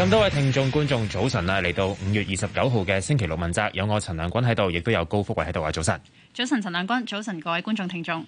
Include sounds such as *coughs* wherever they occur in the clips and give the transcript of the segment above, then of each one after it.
咁多位聽眾觀眾早晨啊，嚟到五月二十九號嘅星期六問責，有我陳亮君喺度，亦都有高福慧喺度啊！早晨，早晨，陳亮君，早晨各位觀眾聽眾。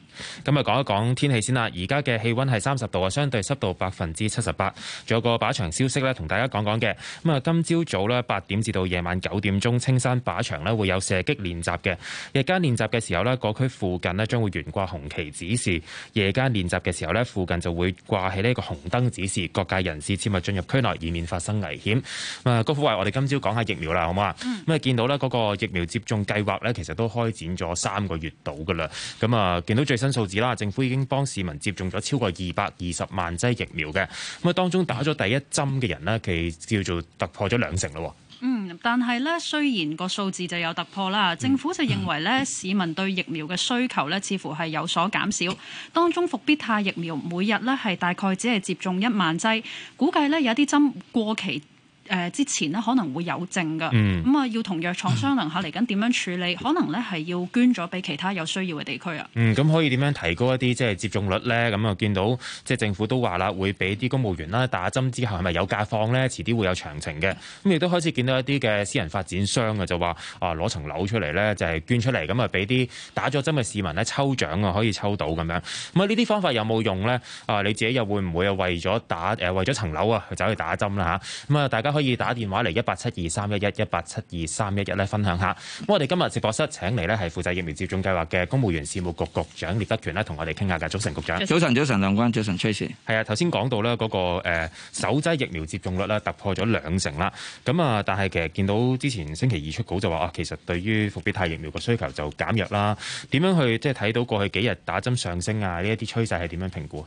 咁，今日講一講天氣先啦，而家嘅氣溫係三十度啊，相對濕度百分之七十八。仲有個靶場消息咧，同大家講講嘅。咁啊，今朝早咧八點至到夜晚九點鐘，青山靶場呢會有射擊練習嘅。日間練習嘅時候呢，各區附近呢將會懸掛紅旗指示；夜間練習嘅時候呢，附近就會掛起呢個紅燈指示，各界人士切勿進入區內，以免發生。危險，啊，高福話我哋今朝講下疫苗啦，好唔好呀？咁、嗯、啊，見到咧嗰個疫苗接種計劃咧，其實都開展咗三個月度噶啦。咁啊，見到最新數字啦，政府已經幫市民接種咗超過二百二十萬劑疫苗嘅。咁啊，當中打咗第一針嘅人呢，其實叫做突破咗兩成咯。嗯，但係咧，雖然個數字就有突破啦，政府就認為咧，市民對疫苗嘅需求咧，似乎係有所減少。當中復必泰疫苗每日咧係大概只係接種一萬劑，估計咧有啲針過期。誒之前咧可能會有剩㗎，咁、嗯、啊要同藥廠商量下嚟緊點樣處理，可能咧係要捐咗俾其他有需要嘅地區啊。嗯，咁可以點樣提高一啲即係接種率咧？咁啊見到即係政府都話啦，會俾啲公務員啦打針之後係咪有假放咧？遲啲會有詳情嘅。咁亦都開始見到一啲嘅私人發展商啊就話啊攞層樓出嚟咧就係、是、捐出嚟，咁啊俾啲打咗針嘅市民咧抽獎啊可以抽到咁樣。咁啊呢啲方法有冇用咧？啊你自己又會唔會啊為咗打誒、呃、為咗層樓啊走去打針啦嚇？咁啊大家。可以打電話嚟一八七二三一一一八七二三一一咧，分享下。咁我哋今日直播室請嚟咧係負責疫苗接種計劃嘅公務員事務局局，局長聶德權咧，同我哋傾下嘅。早晨，局長。早晨，早晨，亮君，早晨，崔 Sir 係啊，頭先講到咧嗰、那個、呃、首劑疫苗接種率咧突破咗兩成啦。咁啊，但係其實見到之前星期二出稿就話啊，其實對於復必泰疫苗個需求就減弱啦。點樣去即係睇到過去幾日打針上升啊呢一啲趨勢係點樣評估？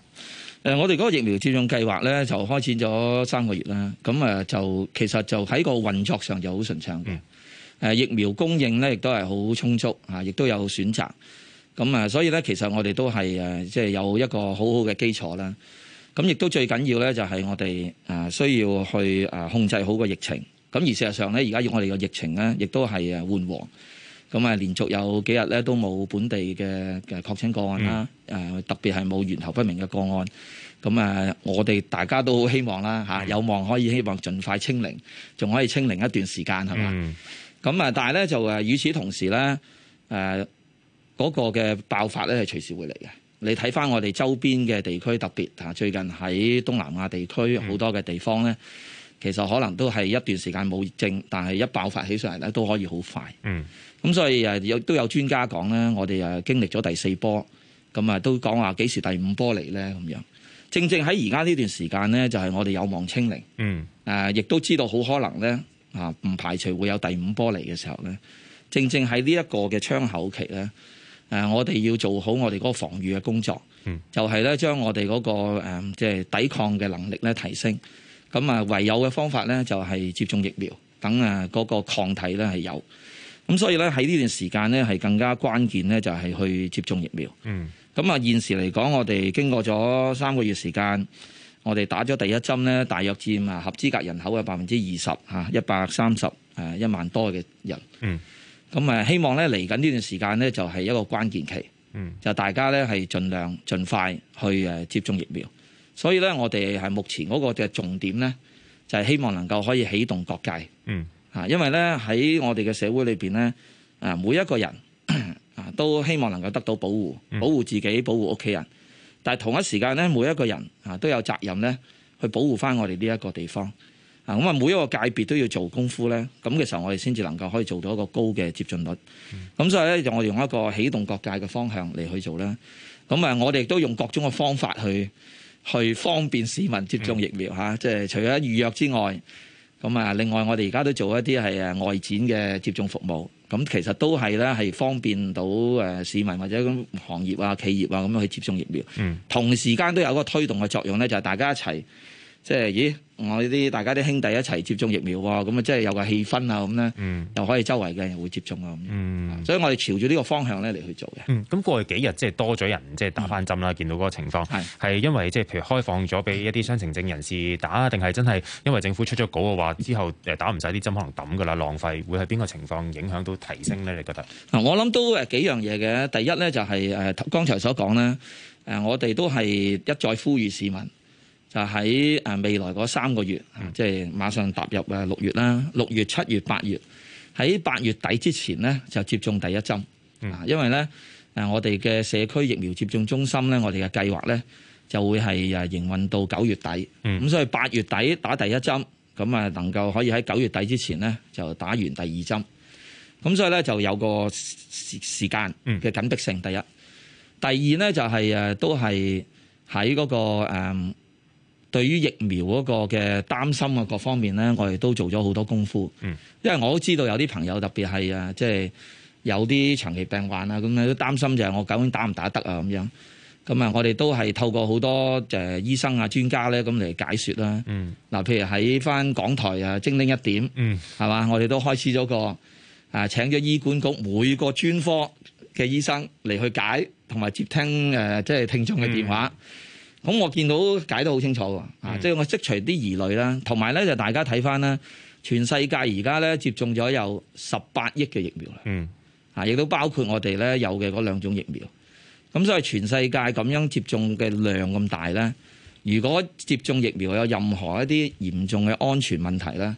誒，我哋嗰個疫苗接種計劃咧，就開始咗三個月啦。咁啊，就其實就喺個運作上就好順暢嘅。疫苗供應咧，亦都係好充足，亦都有選擇。咁啊，所以咧，其實我哋都係誒，即係有一個好好嘅基礎啦。咁亦都最緊要咧，就係我哋誒需要去誒控制好個疫情。咁而事實上咧，而家要我哋個疫情咧，亦都係啊緩和。咁啊，連續有幾日咧都冇本地嘅嘅確診個案啦。誒，特別係冇源頭不明嘅個案。咁啊，我哋大家都好希望啦吓，有望可以希望盡快清零，仲可以清零一段時間，係嘛？咁、嗯、啊，但係咧就誒，與此同時咧，誒、呃、嗰、個嘅爆發咧係隨時會嚟嘅。你睇翻我哋周邊嘅地區，特別嚇最近喺東南亞地區好多嘅地方咧，嗯，其實可能都係一段時間冇症，但係一爆發起上嚟咧都可以好快。嗯，咁所以誒有都有專家講咧，我哋誒經歷咗第四波，咁啊都講話幾時第五波嚟咧？咁樣。正正喺而家呢段時間呢，就係我哋有望清零。嗯。誒，亦都知道好可能呢，啊，唔排除會有第五波嚟嘅時候呢。正正喺呢一個嘅窗口期呢，誒，我哋要做好我哋嗰個防禦嘅工作。就係呢，將我哋嗰個誒，即係抵抗嘅能力呢提升。咁啊，唯有嘅方法呢，就係接種疫苗，等啊嗰個抗體呢係有。咁所以呢，喺呢段時間呢，係更加關鍵呢，就係去接種疫苗。嗯。咁啊，現時嚟講，我哋經過咗三個月時間，我哋打咗第一針咧，大約佔啊合資格人口嘅百分之二十嚇，一百三十誒一萬多嘅人。嗯。咁啊，希望咧嚟緊呢段時間咧，就係一個關鍵期。嗯。就大家咧係儘量盡快去誒接種疫苗。所以咧，我哋係目前嗰個嘅重點咧，就係希望能夠可以啟動各界。嗯。嚇，因為咧喺我哋嘅社會裏面咧，每一個人。都希望能夠得到保護，保護自己，保護屋企人。但同一時間呢，每一個人啊都有責任去保護翻我哋呢一個地方啊。咁啊，每一個界別都要做功夫呢。咁嘅時候我哋先至能夠可以做到一個高嘅接種率。咁所以呢，就我哋用一個起動各界嘅方向嚟去做啦。咁啊，我哋都用各種嘅方法去去方便市民接種疫苗，即係除咗預約之外。咁啊！另外，我哋而家都做一啲係誒外展嘅接種服務，咁其實都係咧係方便到誒市民或者咁行業啊、企業啊咁樣去接種疫苗。嗯，同時間都有一個推動嘅作用咧，就係大家一齊。即係，咦？我哋啲大家啲兄弟一齊接種疫苗喎，咁啊，即係有個氣氛啊，咁咧、嗯，又可以周圍嘅人會接種啊，咁、嗯。所以我哋朝住呢個方向咧嚟去做嘅。咁、嗯、過去幾日即係多咗人即係打返針啦、嗯，見到嗰個情況係因為即係譬如開放咗俾一啲雙程證人士打，定係真係因為政府出咗稿嘅話之後，誒打唔晒啲針可能抌噶啦，浪費會係邊個情況影響到提升咧？你覺得？我諗都誒幾樣嘢嘅，第一咧就係誒剛才所講咧，誒我哋都係一再呼籲市民。就喺誒未來嗰三個月，即係馬上踏入誒六月啦。六月、七月、八月喺八月底之前咧，就接種第一針啊。因為咧誒，我哋嘅社區疫苗接種中心咧，我哋嘅計劃咧就會係誒營運到九月底。咁所以八月底打第一針，咁啊能夠可以喺九月底之前咧就打完第二針。咁所以咧就有個時時間嘅緊迫性。第一，第二咧就係誒都係喺嗰個、嗯對於疫苗嗰個嘅擔心啊，各方面咧，我哋都做咗好多功夫。嗯、因為我都知道有啲朋友特別係啊，即係有啲長期病患啊，咁咧都擔心就係我究竟打唔打得啊咁樣。咁、嗯、啊，我哋都係透過好多誒醫生啊、專家咧咁嚟解說啦。嗱，譬如喺翻港台啊，精靈一點，係、嗯、嘛？我哋都開始咗個啊，請咗醫管局每個專科嘅醫生嚟去解同埋接聽誒，即係聽眾嘅電話。嗯咁我見到解得好清楚喎，啊、mm.，即係我釋除啲疑慮啦，同埋咧就大家睇返咧，全世界而家咧接種咗有十八億嘅疫苗啦，啊，亦都包括我哋咧有嘅嗰兩種疫苗。咁所以全世界咁樣接種嘅量咁大咧，如果接種疫苗有任何一啲嚴重嘅安全問題咧，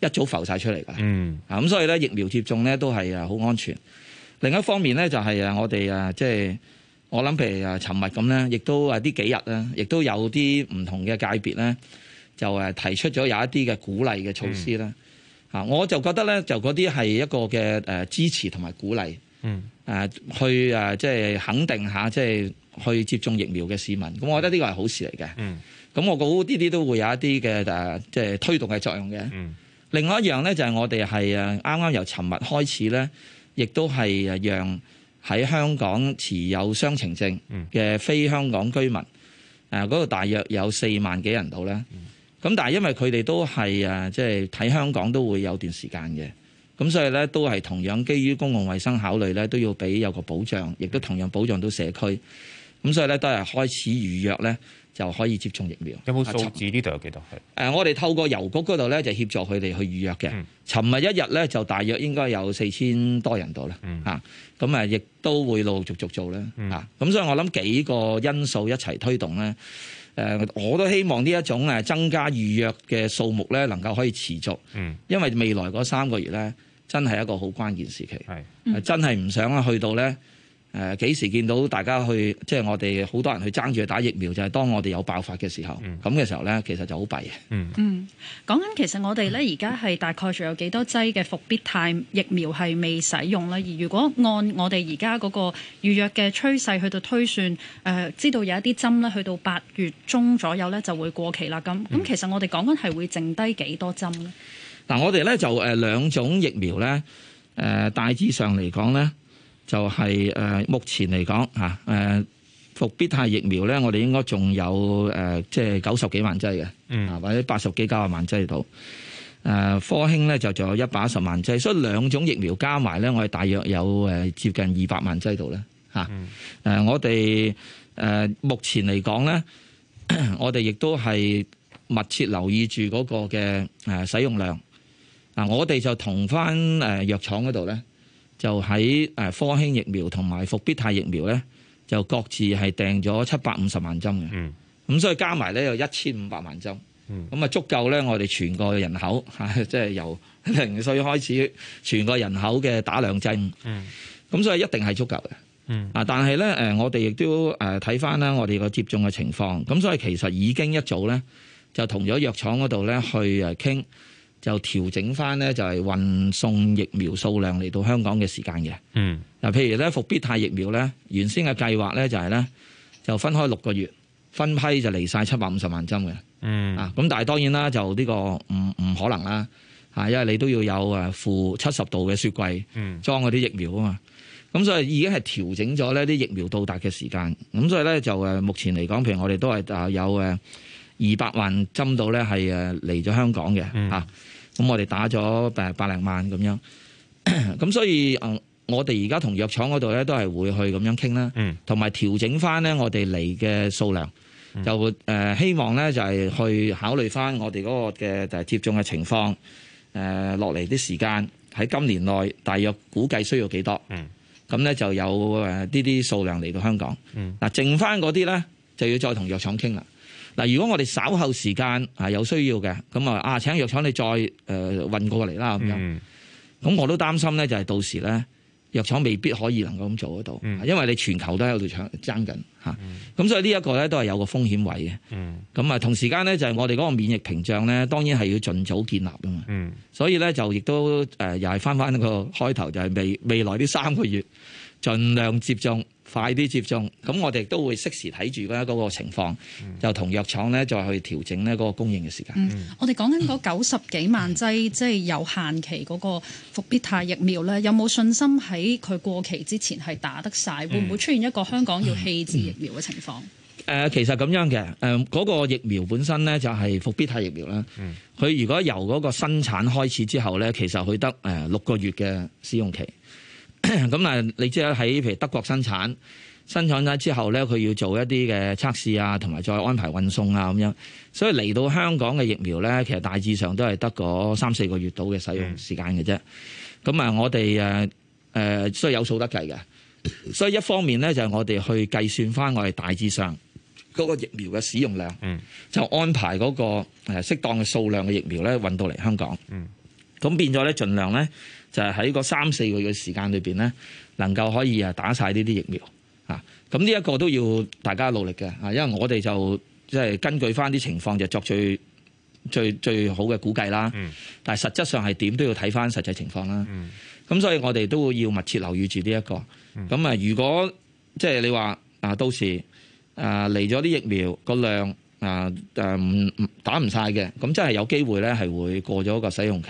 一早浮晒出嚟㗎喇。Mm. 啊，咁所以咧疫苗接種咧都係啊好安全。另一方面咧就係、是、啊我哋啊即係。我諗，譬如誒，尋日咁咧，亦都誒，呢幾日咧，亦都有啲唔同嘅界別咧，就提出咗有一啲嘅鼓勵嘅措施啦。吓，我就覺得咧，就嗰啲係一個嘅支持同埋鼓勵，嗯，去去即係肯定下，即係去接種疫苗嘅市民。咁我覺得呢個係好事嚟嘅。嗯，咁我覺得呢啲都會有一啲嘅即係推動嘅作用嘅。嗯，另外一樣咧就係我哋係啱啱由尋日開始咧，亦都係誒讓。喺香港持有雙程證嘅非香港居民，誒、那、嗰個大約有四萬幾人度咧。咁但係因為佢哋都係即係睇香港都會有段時間嘅，咁所以咧都係同樣基於公共衛生考慮咧，都要俾有個保障，亦都同樣保障到社區。咁所以咧都係開始預約咧。就可以接種疫苗。有冇數字呢度有幾多？誒，我哋透過郵局嗰度咧，就協助佢哋去預約嘅。尋、嗯、日一日咧，就大約應該有四千多人度啦。咁、嗯、啊，亦都會陸陸續續做呢。咁、嗯啊、所以我諗幾個因素一齊推動咧、呃。我都希望呢一種增加預約嘅數目咧，能夠可以持續。嗯。因為未來嗰三個月咧，真係一個好關鍵時期。嗯啊、真係唔想啊，去到咧。誒、呃、幾時見到大家去，即係我哋好多人去爭住去打疫苗，就係、是、當我哋有爆發嘅時候，咁、mm. 嘅時候咧，其實就好弊嘅。Mm. 嗯，講緊其實我哋咧而家係大概仲有幾多劑嘅復必泰疫苗係未使用咧？而如果按我哋而家嗰個預約嘅趨勢去到推算，誒、呃、知道有一啲針咧，去到八月中左右咧就會過期啦。咁咁其實我哋講緊係會剩低幾多針咧？嗱、mm. 啊，我哋咧就誒、呃、兩種疫苗咧，誒、呃、大致上嚟講咧。就係、是呃、目前嚟講嚇復必泰疫苗咧，我哋應該仲有、呃、即係九十幾萬劑嘅、嗯，啊或者八十幾九十啊萬劑度。科興咧就仲有一百一十萬劑，所以兩種疫苗加埋咧，我哋大約有、呃、接近二百萬劑度咧、啊嗯啊、我哋、呃、目前嚟講咧，我哋亦都係密切留意住嗰個嘅使用量。嗱、啊，我哋就同返、呃、藥廠嗰度咧。就喺科興疫苗同埋復必泰疫苗咧，就各自係訂咗七百五十萬針嘅，咁、嗯、所以加埋咧有一千五百萬針，咁、嗯、啊足夠咧我哋全個人口，即、啊、係、就是、由零歲開始全個人口嘅打兩針，咁、嗯、所以一定係足夠嘅。啊、嗯，但係咧我哋亦都睇翻啦，我哋個接種嘅情況，咁所以其實已經一早咧就同咗藥廠嗰度咧去傾。就調整翻咧，就係運送疫苗數量嚟到香港嘅時間嘅。嗯，嗱，譬如咧，復必泰疫苗咧，原先嘅計劃咧就係咧，就分開六個月分批就嚟晒七百五十萬針嘅。嗯啊，咁但係當然啦，就呢個唔唔可能啦嚇，因為你都要有誒負七十度嘅雪櫃的，嗯，裝嗰啲疫苗啊嘛。咁所以已經係調整咗呢啲疫苗到達嘅時間。咁所以咧就誒，目前嚟講，譬如我哋都係誒有誒。二百萬針到咧係誒嚟咗香港嘅嚇，咁、嗯啊、我哋打咗百百零萬咁樣，咁 *coughs* 所以誒我哋而家同藥廠嗰度咧都係會去咁樣傾啦，同、嗯、埋調整翻咧我哋嚟嘅數量，嗯、就誒、呃、希望咧就係去考慮翻我哋嗰個嘅誒接種嘅情況，誒落嚟啲時間喺今年內大約估計需要幾多，咁、嗯、咧就有誒呢啲數量嚟到香港，嗱、嗯、剩翻嗰啲咧就要再同藥廠傾啦。嗱，如果我哋稍後時間啊有需要嘅，咁啊啊請藥廠你再誒運過嚟啦咁樣，咁我都擔心咧，就係到時咧藥廠未必可以能夠咁做得到、嗯，因為你全球都喺度搶爭緊吓、嗯、咁所以呢一個咧都係有個風險位嘅，咁、嗯、啊同時間咧就係我哋嗰個免疫屏障咧，當然係要儘早建立噶嘛、嗯，所以咧就亦都、呃、又係翻翻個開頭，就係未未來呢三個月盡量接種。快啲接種，咁我哋都會適時睇住嗰個情況，就同藥廠咧再去調整呢嗰個供應嘅時間。嗯、我哋講緊嗰九十幾萬劑，嗯、即係有限期嗰個復必泰疫苗咧，有冇信心喺佢過期之前係打得晒？會唔會出現一個香港要棄置疫苗嘅情況？誒、嗯嗯嗯呃，其實咁樣嘅，誒、呃、嗰、嗰個疫苗本身咧就係復必泰疫苗啦。佢如果由嗰個生產開始之後咧，其實佢得誒六個月嘅使用期。咁啊，你即係喺譬如德國生產，生產咗之後咧，佢要做一啲嘅測試啊，同埋再安排運送啊，咁樣。所以嚟到香港嘅疫苗咧，其實大致上都係得嗰三四個月度嘅使用時間嘅啫。咁啊，我哋誒誒，所以有數得計嘅。所以一方面咧，就係我哋去計算翻我哋大致上嗰個疫苗嘅使用量，嗯，就安排嗰個誒適當嘅數量嘅疫苗咧運到嚟香港，嗯，咁變咗咧盡量咧。就喺個三四個月嘅時間裏邊咧，能夠可以啊打晒呢啲疫苗啊，咁呢一個都要大家努力嘅啊，因為我哋就即係根據翻啲情況就作最最最好嘅估計啦。嗯。但係實質上係點都要睇翻實際情況啦。嗯。咁所以我哋都要密切留意住呢一個。嗯。咁啊，如果即係、就是、你話啊，到時啊嚟咗啲疫苗個量啊，但、啊、唔打唔晒嘅，咁真係有機會咧係會過咗個使用期。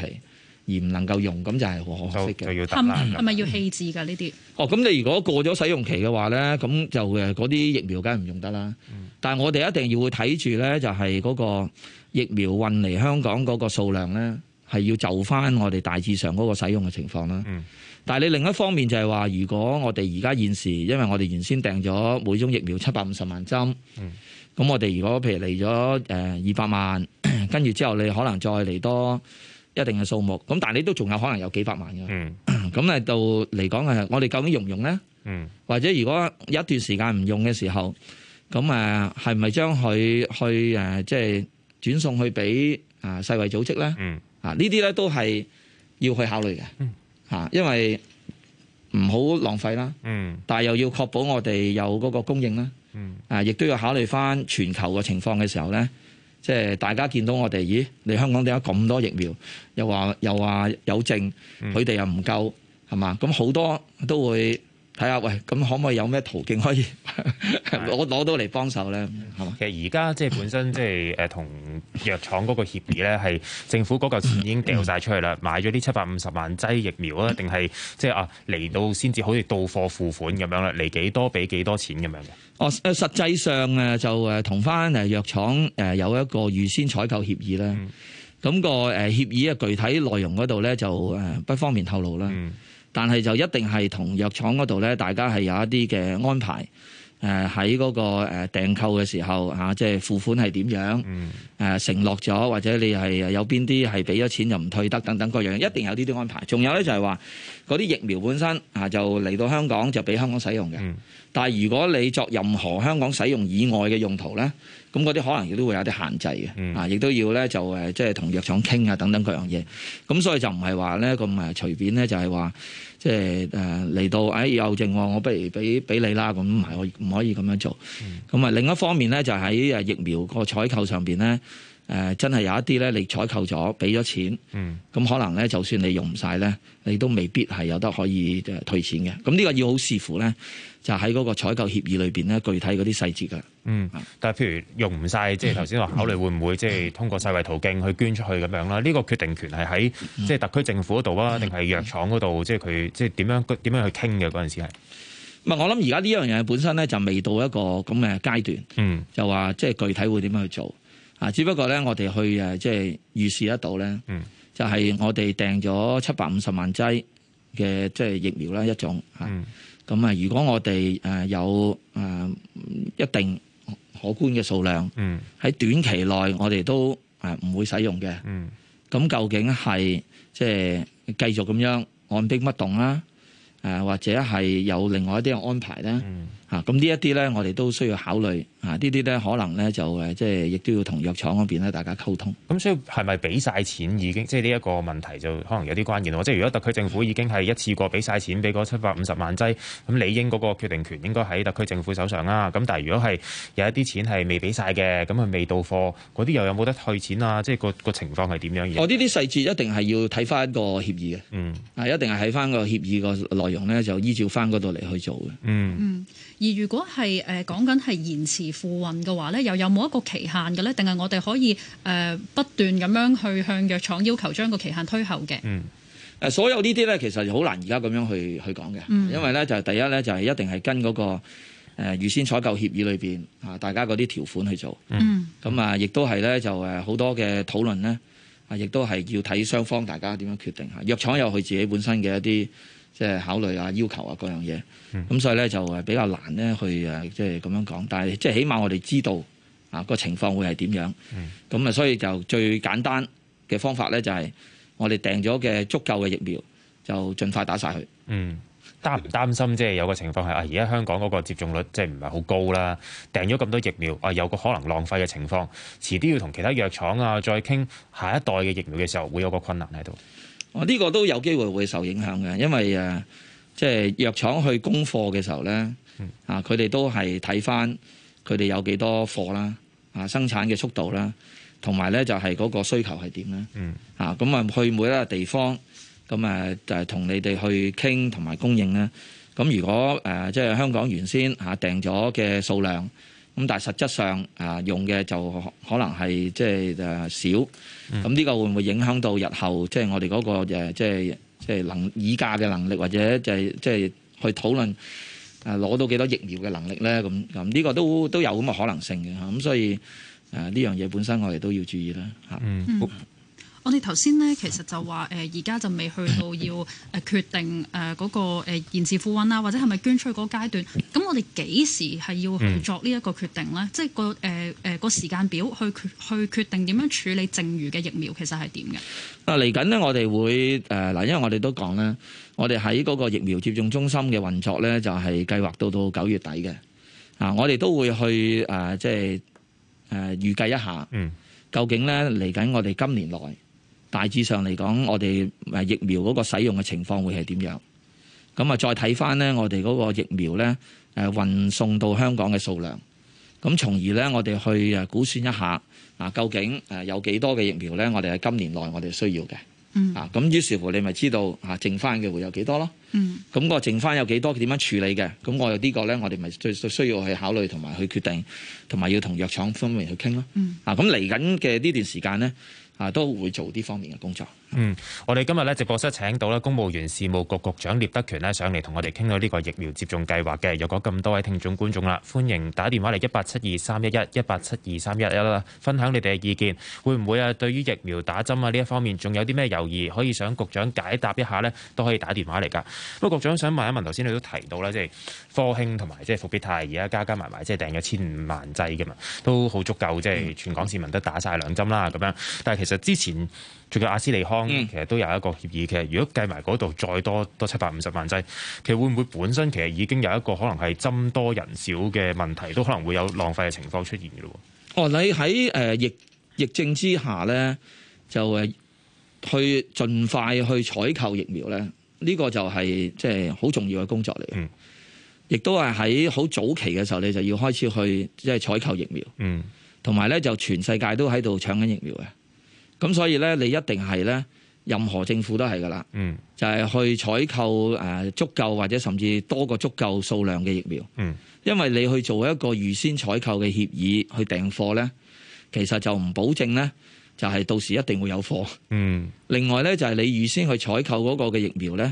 而唔能夠用，咁就係好可惜嘅。係、嗯、咪要，要棄置㗎？呢啲、嗯、哦，咁你如果過咗使用期嘅話咧，咁就嘅嗰啲疫苗梗係唔用得啦、嗯。但係我哋一定要會睇住咧，就係嗰個疫苗運嚟香港嗰個數量咧，係要就翻我哋大致上嗰個使用嘅情況啦、嗯。但係你另一方面就係話，如果我哋而家現時，因為我哋原先訂咗每種疫苗七百五十萬針，咁、嗯、我哋如果譬如嚟咗誒二百萬，跟住 *coughs* 之後你可能再嚟多。一定嘅數目，咁但係你都仲有可能有幾百萬嘅，咁係到嚟講係我哋究竟用唔用咧？或者如果有一段時間唔用嘅時候，咁誒係咪將佢去誒即係轉送去俾誒世衛組織咧？啊，呢啲咧都係要去考慮嘅，嚇，因為唔好浪費啦，但係又要確保我哋有嗰個供應啦，啊，亦都要考慮返全球嘅情況嘅時候咧。即係大家見到我哋，咦？你香港點解咁多疫苗？又話又話有剩，佢哋又唔夠，係、嗯、嘛？咁好多都會。睇下喂，咁可唔可以有咩途徑可以攞到嚟幫手咧、嗯？其實而家即係本身即係同藥廠嗰個協議咧，係政府嗰嚿錢已經掉晒出去啦、嗯，買咗啲七百五十萬劑疫苗啊，定係即係啊嚟到先至好似到貨付款咁樣啦，嚟幾多俾幾多錢咁樣嘅？哦、嗯，實際上就同翻藥廠有一個預先採購協議啦。咁、嗯個誒協議嘅具體內容嗰度咧就不方便透露啦。嗯。但係就一定係同藥廠嗰度咧，大家係有一啲嘅安排，喺、呃、嗰、個訂、呃、購嘅時候、啊、即係付款係點樣？誒、嗯呃、承諾咗或者你係有邊啲係俾咗錢又唔退得等等各樣，一定有呢啲安排。仲有咧就係話嗰啲疫苗本身啊，就嚟到香港就俾香港使用嘅、嗯。但係如果你作任何香港使用以外嘅用途咧。咁嗰啲可能亦都會有啲限制嘅，啊、嗯，亦都要咧就即係同藥廠傾啊，等等各樣嘢。咁所以就唔係話咧個誒隨便咧，就係話即係誒嚟到誒、哎、有症，我不如俾俾你啦。咁唔係我唔可以咁樣做。咁、嗯、啊另一方面咧，就喺、是、疫苗個採購上面咧，誒、呃、真係有一啲咧，你採購咗俾咗錢，咁、嗯、可能咧就算你用唔晒咧，你都未必係有得可以退錢嘅。咁呢個要好視乎咧。就喺、是、嗰個採購協議裏邊咧，具體嗰啲細節嘅。嗯，但係譬如用唔晒、嗯，即係頭先話考慮會唔會即係、嗯、通過世衞途徑去捐出去咁樣啦。呢、這個決定權係喺、嗯、即係特區政府嗰度啊，定係藥廠嗰度？即係佢即係點樣點樣去傾嘅嗰陣時係。唔、嗯、係，我諗而家呢樣嘢本身咧就未到一個咁嘅階段。嗯。就話即係具體會點樣去做啊。只不過咧，我哋去誒即係預示得到咧。嗯。就係、是、我哋訂咗七百五十萬劑嘅即係疫苗啦，一種。嗯。咁啊！如果我哋誒有誒一定可觀嘅數量，喺、嗯、短期內我哋都誒唔會使用嘅。咁、嗯、究竟係即係繼續咁樣按兵不動啦，誒或者係有另外一啲嘅安排咧？嗯嚇、啊、咁呢一啲咧，我哋都需要考慮嚇。啊、這些呢啲咧可能咧就誒，即係亦都要同藥廠嗰邊咧大家溝通。咁所以係咪俾晒錢已經？即係呢一個問題就可能有啲關鍵喎。即係如果特區政府已經係一次過俾晒錢俾嗰七百五十萬劑，咁理應嗰個決定權應該喺特區政府手上啦。咁但係如果係有一啲錢係未俾晒嘅，咁佢未到貨，嗰啲又有冇得退錢啊？即係個個情況係點樣？我呢啲細節一定係要睇翻個協議嘅。嗯，啊，一定係睇翻個協議個內容咧，就依照翻嗰度嚟去做嘅。嗯。嗯。而如果係誒講緊係延遲付運嘅話咧，又有冇一個期限嘅咧？定係我哋可以誒、呃、不斷咁樣去向藥廠要求將個期限推後嘅？嗯，誒所有這些呢啲咧，其實好難而家咁樣去去講嘅，因為咧就第一咧就係、是、一定係跟嗰、那個誒、呃、預先採購協議裏邊啊，大家嗰啲條款去做。嗯，咁、嗯、啊，亦都係咧就誒好多嘅討論咧啊，亦都係要睇雙方大家點樣決定嚇。藥廠有佢自己本身嘅一啲。即係考慮啊、要求啊嗰樣嘢，咁、嗯、所以咧就比較難咧去誒、就是，即係咁樣講。但係即係起碼我哋知道啊個情況會係點樣，咁、嗯、啊所以就最簡單嘅方法咧就係、是、我哋訂咗嘅足夠嘅疫苗，就盡快打晒佢。嗯，擔唔擔心即係有個情況係啊，而家香港嗰個接種率即係唔係好高啦。訂咗咁多疫苗啊，有個可能浪費嘅情況，遲啲要同其他藥廠啊再傾下一代嘅疫苗嘅時候，會有個困難喺度。呢、這個都有機會會受影響嘅，因為誒，即係藥廠去供貨嘅時候咧、嗯，啊，佢哋都係睇返佢哋有幾多貨啦，啊，生產嘅速度啦，同埋咧就係嗰個需求係點咧，啊，咁啊去每一個地方，咁、啊、誒就係、是、同你哋去傾同埋供應啦。咁、啊、如果誒即係香港原先嚇訂咗嘅數量。咁但係實質上，啊用嘅就可能係即係少，咁、就、呢、是啊、個會唔會影響到日後即係、就是、我哋嗰、那個即係即係能議價嘅能力，或者就即、是、係、就是、去討論攞、啊、到幾多疫苗嘅能力咧？咁咁呢個都都有咁嘅可能性嘅嚇，咁所以呢、啊、樣嘢本身我哋都要注意啦嚇。我哋頭先咧，其實就話誒，而、呃、家就未去到要誒決定誒嗰、呃那個、呃、延遲付運啊，或者係咪捐出去嗰個階段？咁我哋幾時係要去作呢一個決定咧、嗯？即係個誒誒個時間表去決去決定點樣處理剩餘嘅疫苗，其實係點嘅？啊，嚟緊咧，我哋會誒嗱，因為我哋都講咧，我哋喺嗰個疫苗接種中心嘅運作咧，就係、是、計劃到到九月底嘅。啊，我哋都會去誒、呃，即係誒、呃、預計一下，嗯、究竟咧嚟緊我哋今年內。大致上嚟講，我哋誒疫苗嗰個使用嘅情況會係點樣？咁啊，再睇翻咧，我哋嗰個疫苗咧誒運送到香港嘅數量，咁從而咧我哋去誒估算一下，啊究竟誒有幾多嘅疫苗咧？我哋喺今年內我哋需要嘅，嗯，啊咁於是乎你咪知道吓剩翻嘅會有幾多咯，嗯，咁個剩翻有幾多？點樣處理嘅？咁我有呢個咧，我哋咪最需要去考慮同埋去決定，同埋要同藥廠方面去傾咯，嗯，啊咁嚟緊嘅呢段時間咧。啊，都會做呢方面嘅工作。嗯，我哋今日咧直播室請到咧公務員事務局局，局長聶德權呢，上嚟同我哋傾到呢個疫苗接種計劃嘅。若果咁多位聽眾觀眾啦，歡迎打電話嚟一八七二三一一一八七二三一一啦，分享你哋嘅意見。會唔會啊？對於疫苗打針啊呢一方面，仲有啲咩猶豫，可以想局長解答一下呢，都可以打電話嚟噶。不過，局長想問一問，頭先你都提到啦，即係科興同埋即係復必泰而家加加埋埋即係訂咗千五萬劑噶嘛，都好足夠，即、嗯、係全港市民都打晒兩針啦。咁樣，但係其實之前。仲有阿斯利康，其實都有一個協議。嘅、嗯。如果計埋嗰度再多多七百五十萬劑，其實會唔會本身其實已經有一個可能係針多人少嘅問題，都可能會有浪費嘅情況出現嘅咯。哦，你喺誒、呃、疫疫症之下咧，就誒去盡快去採購疫苗咧，呢、這個就係即係好重要嘅工作嚟嘅。亦、嗯、都係喺好早期嘅時候，你就要開始去即係、就是、採購疫苗。嗯，同埋咧就全世界都喺度搶緊疫苗嘅。咁所以咧，你一定係咧，任何政府都係噶啦，就係、是、去採購、呃、足夠或者甚至多過足夠數量嘅疫苗、嗯，因為你去做一個預先採購嘅協議去訂貨咧，其實就唔保證咧，就係、是、到時一定會有貨。嗯、另外咧，就係、是、你預先去採購嗰個嘅疫苗咧，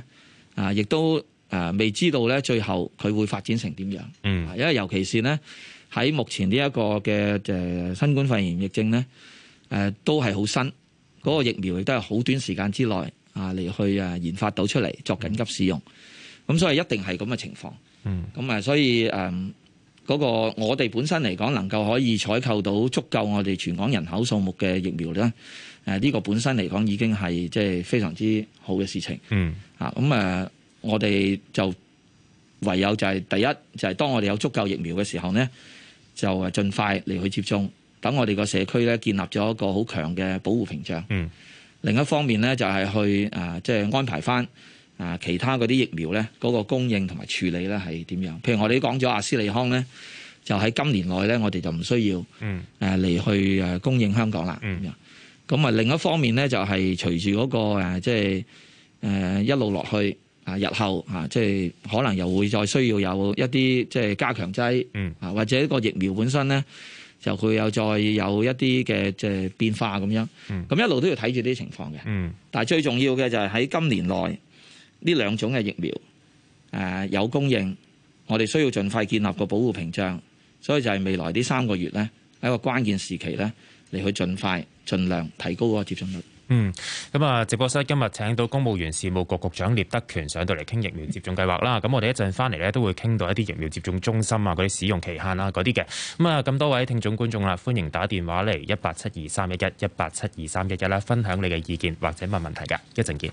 啊、呃，亦都、呃、未知道咧最後佢會發展成點樣、嗯，因為尤其是咧喺目前呢一個嘅、呃、新冠肺炎疫症咧。誒都係好新嗰個疫苗，亦都係好短時間之內啊嚟去誒研發到出嚟作緊急使用。咁所以一定係咁嘅情況。嗯，咁啊，所以誒嗰個我哋本身嚟講，能夠可以採購到足夠我哋全港人口數目嘅疫苗咧，誒呢個本身嚟講已經係即係非常之好嘅事情。嗯，啊咁啊，我哋就唯有就係第一就係當我哋有足夠疫苗嘅時候咧，就誒盡快嚟去接種。等我哋個社區咧，建立咗一個好強嘅保護屏障，嗯。另一方面咧、啊，就係去即係安排翻、啊、其他嗰啲疫苗咧，嗰個供應同埋處理咧係點樣？譬如我哋講咗阿斯利康咧，就喺今年內咧，我哋就唔需要嚟、嗯啊、去供應香港啦。咁、嗯、樣咁啊，另一方面咧、嗰個啊，就係隨住嗰個即係一路落去啊，日後啊，即、就、係、係、可能又會再需要有一啲即係加強劑、嗯、啊，或者個疫苗本身咧，就會有再有一啲嘅即變化咁樣，咁一路都要睇住啲情況嘅。但係最重要嘅就係喺今年內呢兩種嘅疫苗，誒有供應，我哋需要盡快建立個保護屏障，所以就係未來呢三個月呢，喺個關鍵時期呢，你去盡快、盡量提高個接種率。嗯，咁啊，直播室今日請到公務員事務局局長聶德權上到嚟傾疫苗接種計劃啦。咁我哋一陣翻嚟呢，都會傾到一啲疫苗接種中心啊嗰啲使用期限啊嗰啲嘅。咁啊，咁多位聽眾觀眾啦，歡迎打電話嚟一八七二三一一一八七二三一一啦，分享你嘅意見或者問問題嘅。一陣見，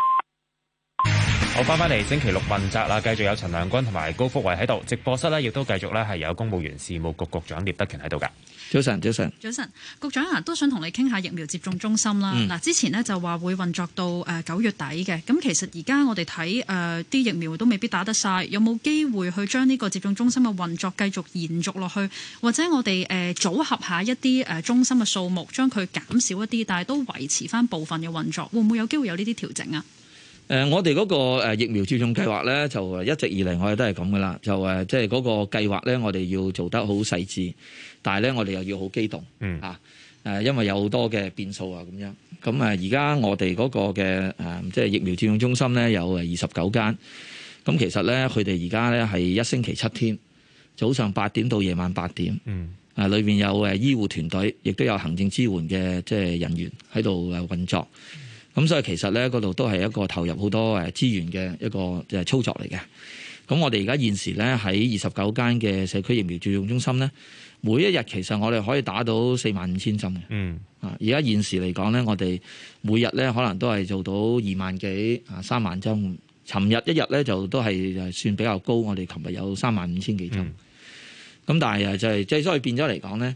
嗯。好，翻返嚟星期六問責啦，繼續有陳良君同埋高福偉喺度。直播室呢，亦都繼續呢，係有公務員事務局局長聶德權喺度噶。早晨，早晨，早晨，局長啊，都想同你傾下疫苗接種中心啦。嗱、嗯，之前咧就話會運作到誒九月底嘅。咁其實而家我哋睇誒啲疫苗都未必打得晒，有冇機會去將呢個接種中心嘅運作繼續延續落去，或者我哋誒組合一下一啲誒中心嘅數目，將佢減少一啲，但係都維持翻部分嘅運作，會唔會有機會有呢啲調整啊？誒、呃，我哋嗰個誒疫苗接種計劃咧，就一直以嚟我哋都係咁噶啦。就誒即係嗰個計劃咧，我哋要做得好細致。但係咧，我哋又要好機動啊！因為有好多嘅變數啊，咁樣咁，而家我哋嗰個嘅即係疫苗接種中心咧，有二十九間。咁其實咧，佢哋而家咧係一星期七天，早上八點到夜晚八點。嗯。啊，裏面有誒醫護團隊，亦都有行政支援嘅即係人員喺度誒運作。咁所以其實咧，嗰度都係一個投入好多誒資源嘅一個操作嚟嘅。咁我哋而家現時咧喺二十九間嘅社區疫苗接種中心咧。每一日其實我哋可以打到四萬五千針嘅，嗯啊，而家現時嚟講咧，我哋每日咧可能都係做到二萬幾、啊三萬針。尋日一日咧就都係算比較高我、嗯就係，我哋琴日有三萬五千幾針。咁但係就係即係所以變咗嚟講咧，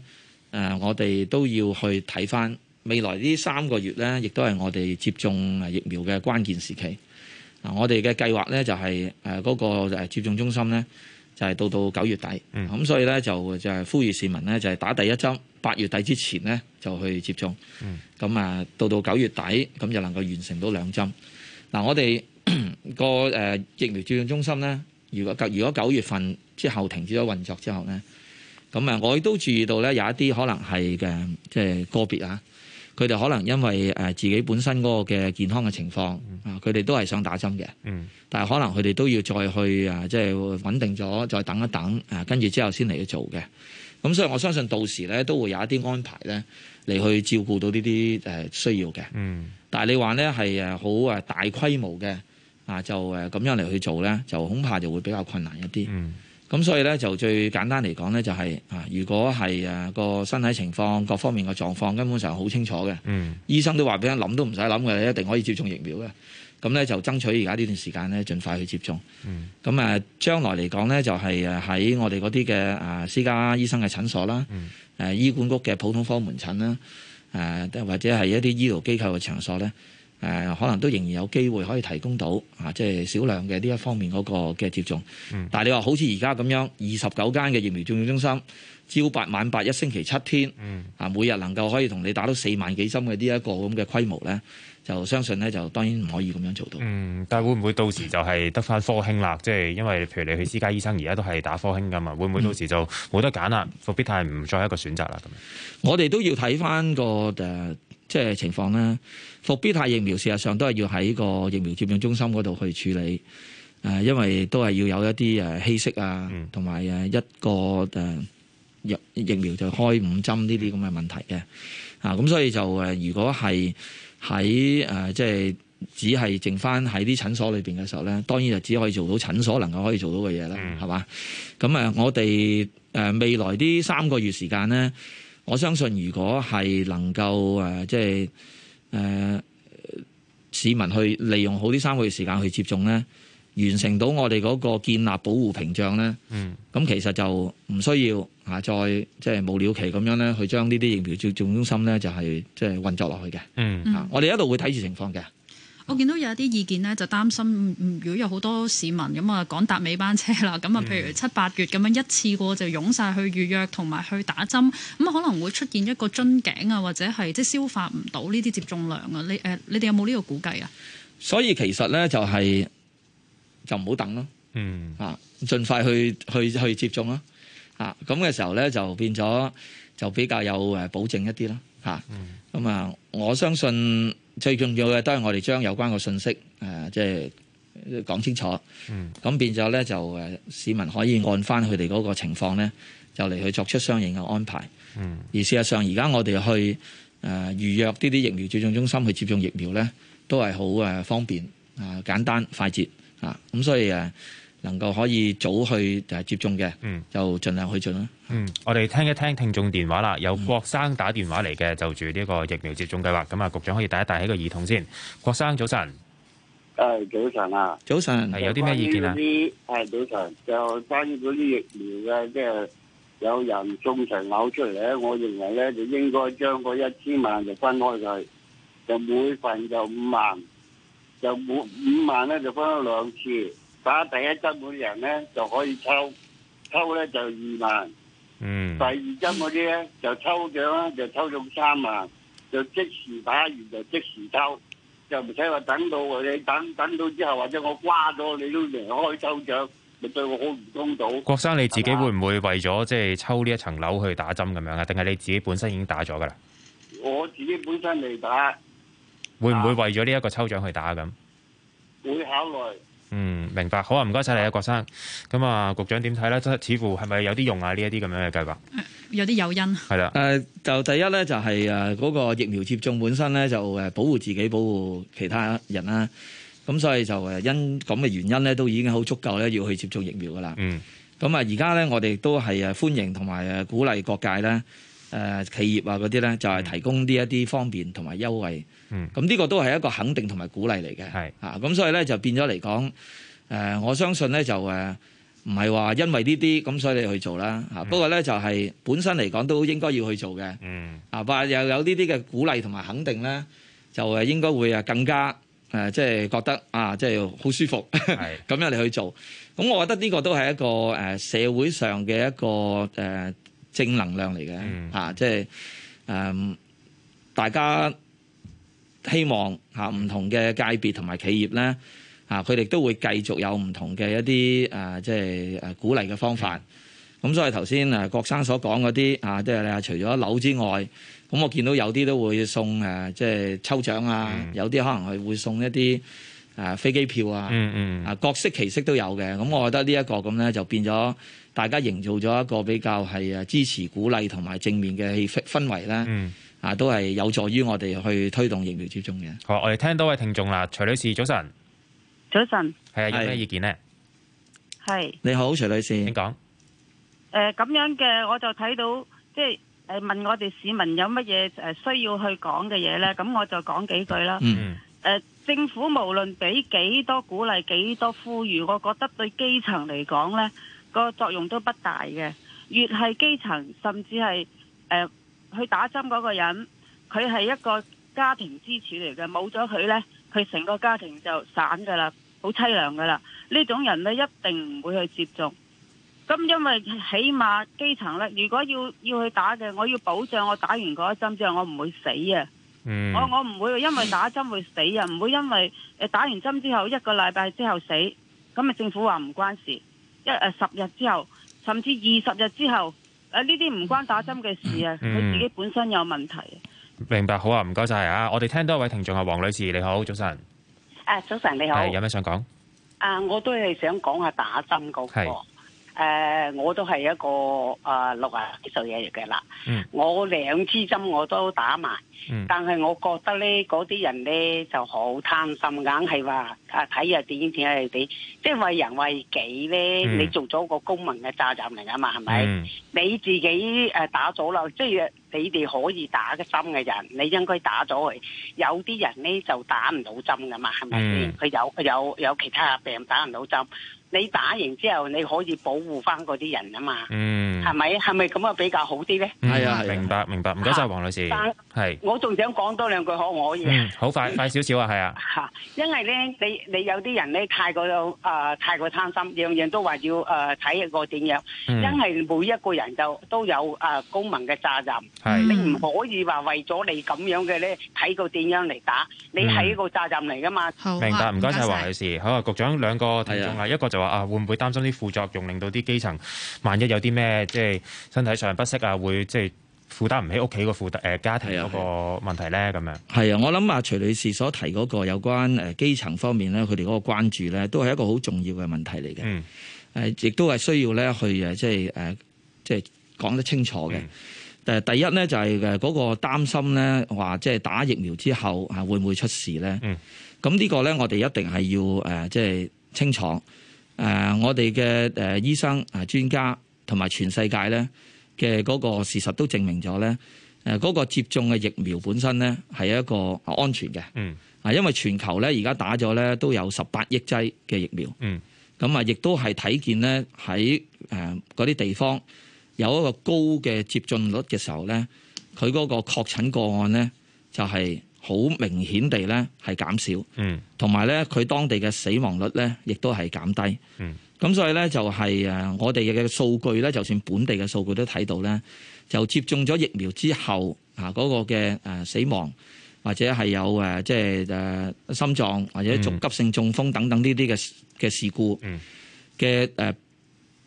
我哋都要去睇翻未來呢三個月咧，亦都係我哋接種疫苗嘅關鍵時期。啊，我哋嘅計劃咧就係嗰個接種中心咧。就係、是、到到九月底，咁、嗯、所以咧就就係呼籲市民咧就係打第一針，八月底之前咧就去接種。咁、嗯、啊，到到九月底，咁就能夠完成到兩針。嗱、嗯，我哋個誒疫苗接種中心咧，如果九如果九月份之後停止咗運作之後咧，咁啊，我亦都注意到咧有一啲可能係嘅即係個別啊。佢哋可能因為誒自己本身嗰個嘅健康嘅情況啊，佢哋都係想打針嘅，但係可能佢哋都要再去啊，即係穩定咗再等一等啊，跟住之後先嚟去做嘅。咁所以我相信到時咧都會有一啲安排咧嚟去照顧到呢啲誒需要嘅。但係你話咧係誒好誒大規模嘅啊，就誒咁樣嚟去做咧，就恐怕就會比較困難一啲。咁所以咧就最簡單嚟講咧就係啊，如果係誒個身體情況各方面嘅狀況根本上好清楚嘅，mm. 醫生都話俾人諗都唔使諗嘅，你一定可以接種疫苗嘅。咁咧就爭取而家呢段時間咧盡快去接種。咁啊，將來嚟講咧就係喺我哋嗰啲嘅私家醫生嘅診所啦，mm. 醫管局嘅普通科門診啦，或者係一啲醫療機構嘅場所咧。誒、呃、可能都仍然有機會可以提供到啊，即係少量嘅呢一方面嗰個嘅接種。嗯、但係你話好似而家咁樣，二十九間嘅疫苗注射中心，朝八晚八，一星期七天，嗯、啊，每日能夠可以同你打到四萬幾針嘅呢一個咁嘅規模呢，就相信呢就當然唔可以咁樣做到。嗯，但係會唔會到時就係得翻科興啦？即、嗯、係因為譬如你去私家醫生，而家都係打科興㗎嘛，會唔會到時就冇得揀啦？復、嗯、必泰唔再係一個選擇啦？咁，我哋都要睇翻個誒、呃、即係情況咧。復必泰疫苗，事實上都係要喺個疫苗接種中心嗰度去處理。誒，因為都係要有一啲誒稀釋啊，同埋誒一個誒疫疫苗就開五針呢啲咁嘅問題嘅啊。咁所以就誒，如果係喺誒，即、呃、係只係剩翻喺啲診所裏邊嘅時候咧，當然就只可以做到診所能夠可以做到嘅嘢啦，係、嗯、嘛？咁啊，我哋誒未來啲三個月時間咧，我相信如果係能夠誒、呃，即係。誒、呃、市民去利用好呢三個月時間去接種咧，完成到我哋嗰個建立保護屏障咧。嗯。咁其實就唔需要、啊、再即係冇了期咁樣咧，去將呢啲疫苗接種中心咧就係、是、即係運作落去嘅。嗯。啊、我哋一路會睇住情況嘅。我見到有一啲意見咧，就擔心，如果有好多市民咁啊，就趕搭尾班車啦，咁啊，譬如七八月咁樣、嗯、一次過就湧晒去預約同埋去打針，咁可能會出現一個樽頸啊，或者係即係消化唔到呢啲接種量啊。你誒、呃，你哋有冇呢個估計啊？所以其實咧就係、是、就唔好等咯，嗯啊，盡快去去去接種咯，啊咁嘅時候咧就變咗就比較有誒保證一啲啦，嚇、嗯。咁啊，我相信。最重要嘅都係我哋將有關嘅信息，誒，即係講清楚，咁變咗咧就誒市民可以按翻佢哋嗰個情況咧，就嚟去作出相應嘅安排。而事實上，而家我哋去誒預約呢啲疫苗接種中心去接種疫苗咧，都係好誒方便、誒簡單、快捷啊！咁所以誒。呃能夠可以早去誒接種嘅，嗯，就盡量去盡啦。嗯，我哋聽一聽聽眾電話啦，有郭生打電話嚟嘅、嗯，就住呢個疫苗接種計劃。咁啊，局長可以戴一戴喺個耳筒先。郭先生早晨，誒早晨啊，早晨係有啲咩意見啊？係早晨就關於嗰啲疫苗嘅，即係有人中常咬出嚟咧，我認為咧就應該將嗰一千萬就分開佢，就每份就五萬，就每五萬咧就分咗兩次。打第一針人呢，每人咧就可以抽，抽咧就二萬。嗯，第二針嗰啲咧就抽獎啊，就抽中三萬，就即時打完就即時抽，就唔使話等到你等等到之後，或者我瓜咗你都離開抽獎，你對我好唔公道。郭生你自己會唔會為咗即係抽呢一層樓去打針咁樣啊？定係你自己本身已經打咗噶啦？我自己本身未打。會唔會為咗呢一個抽獎去打咁？會考慮。嗯，明白。好啊，唔該晒你啊，郭生。咁啊，局長點睇咧？即係似乎係咪有啲用啊？呢一啲咁樣嘅計劃，有啲誘因。係啦、呃。就第一咧，就係、誒、嗰個疫苗接種本身咧，就誒保護自己、保護其他人啦、啊。咁所以就因咁嘅原因咧，都已經好足夠咧，要去接種疫苗噶啦。嗯。咁啊，而家咧，我哋都係誒歡迎同埋誒鼓勵各界咧、呃、企業啊嗰啲咧，就係、是、提供呢一啲方便同埋優惠。嗯，咁呢個都係一個肯定同埋鼓勵嚟嘅，嚇咁所以咧就變咗嚟講，誒我相信咧就誒唔係話因為呢啲咁所以你去做啦，嚇不過咧就係本身嚟講都應該要去做嘅，嗯，啊話又有呢啲嘅鼓勵同埋肯定咧，就誒應該會啊更加誒即係覺得啊即係好舒服，係咁樣你去做，咁我覺得呢個都係一個誒社會上嘅一個誒正能量嚟嘅，嚇即係誒大家。希望嚇唔同嘅界別同埋企業咧，嚇佢哋都會繼續有唔同嘅一啲誒、呃、即係誒鼓勵嘅方法。咁、嗯、所以頭先誒郭生所講嗰啲嚇，即係你話除咗樓之外，咁我見到有啲都會送誒、呃、即係抽獎啊，嗯、有啲可能係會送一啲誒、呃、飛機票啊，啊、嗯嗯、各式其式都有嘅。咁我覺得呢一個咁咧就變咗大家營造咗一個比較係誒支持、鼓勵同埋正面嘅氣氛圍啦。嗯。啊，都係有助於我哋去推動疫苗接種嘅。好，我哋聽多位聽眾啦，徐女士早晨。早晨。係啊，有咩意見咧？係。你好，徐女士。請講。誒，咁樣嘅，我就睇到，即係誒，問我哋市民有乜嘢誒需要去講嘅嘢咧？咁我就講幾句啦。嗯。誒，政府無論俾幾多鼓勵，幾多呼籲，我覺得對基層嚟講咧，個作用都不大嘅。越係基層，甚至係誒。去打針嗰個人，佢係一個家庭支柱嚟嘅，冇咗佢呢，佢成個家庭就散噶啦，好凄涼噶啦。呢種人呢，一定唔會去接種。咁因為起碼基層呢，如果要要去打嘅，我要保障我打完嗰一針之後我唔會死啊、嗯！我我唔會因為打針會死啊！唔會因為打完針之後一個禮拜之後死，咁啊政府話唔關事，一誒十日之後，甚至二十日之後。誒、啊，呢啲唔關打針嘅事啊，佢、嗯、自己本身有問題、啊。明白好啊，唔該晒啊！我哋聽到一位聽眾係黃女士，你好，早晨。誒、啊，早晨你好，係有咩想講？啊，我都係想講下打針嗰、嗰個。誒、呃，我都係一個誒六啊幾歲嘢嘅啦，我兩支針我都打埋、嗯，但係我覺得咧，嗰啲人咧就好貪心，硬係話啊睇下點點你哋。即係為人為己咧、嗯，你做咗個公民嘅責任嚟㗎嘛，係咪、嗯？你自己誒打咗啦，即係你哋可以打嘅針嘅人，你應該打咗佢。有啲人咧就打唔到針㗎嘛，係咪？佢、嗯、有有有其他病打唔到針。你打完之後，你可以保護翻嗰啲人啊嘛，嗯，係咪係咪咁啊比較好啲咧？係啊，啊，明白明白，唔該晒，黃女士，係、啊，我仲想講多兩句可唔可以？好、嗯、快快少少啊，係啊，嚇，因為咧，你你有啲人咧，太過誒、呃，太過貪心，樣樣都話要誒睇一個點樣，因為每一個人就都有誒、呃、公民嘅責任，你唔可以話為咗你咁樣嘅咧睇個點樣嚟打，嗯、你係一個責任嚟㗎嘛。明白唔該晒，黃女士，好啊，謝謝謝謝好局長兩個睇中啊，一個就。話啊，會唔會擔心啲副作用，令到啲基層萬一有啲咩，即係身體上不適啊，會即係負擔唔起屋企個負誒家庭嗰個問題咧？咁樣係啊，我諗啊，徐女士所提嗰個有關誒基層方面咧，佢哋嗰個關注咧，都係一個好重要嘅問題嚟嘅。嗯，誒，亦都係需要咧去誒，即係誒、呃，即係講得清楚嘅。誒、嗯，第一咧就係誒嗰個擔心咧，話即係打疫苗之後啊，會唔會出事咧？嗯，咁呢個咧，我哋一定係要誒，即係清楚。誒，我哋嘅誒醫生、誒專家同埋全世界咧嘅嗰個事實都證明咗咧，誒嗰個接種嘅疫苗本身咧係一個安全嘅，嗯，啊，因為全球咧而家打咗咧都有十八億劑嘅疫苗，嗯，咁啊，亦都係睇見咧喺誒嗰啲地方有一個高嘅接種率嘅時候咧，佢嗰個確診個案咧就係、是。好明顯地咧係減少，同埋咧佢當地嘅死亡率咧亦都係減低。咁所以咧就係誒我哋嘅數據咧，就算本地嘅數據都睇到咧，就接種咗疫苗之後啊，嗰個嘅誒死亡或者係有誒即係誒心臟或者中急性中風等等呢啲嘅嘅事故嘅誒，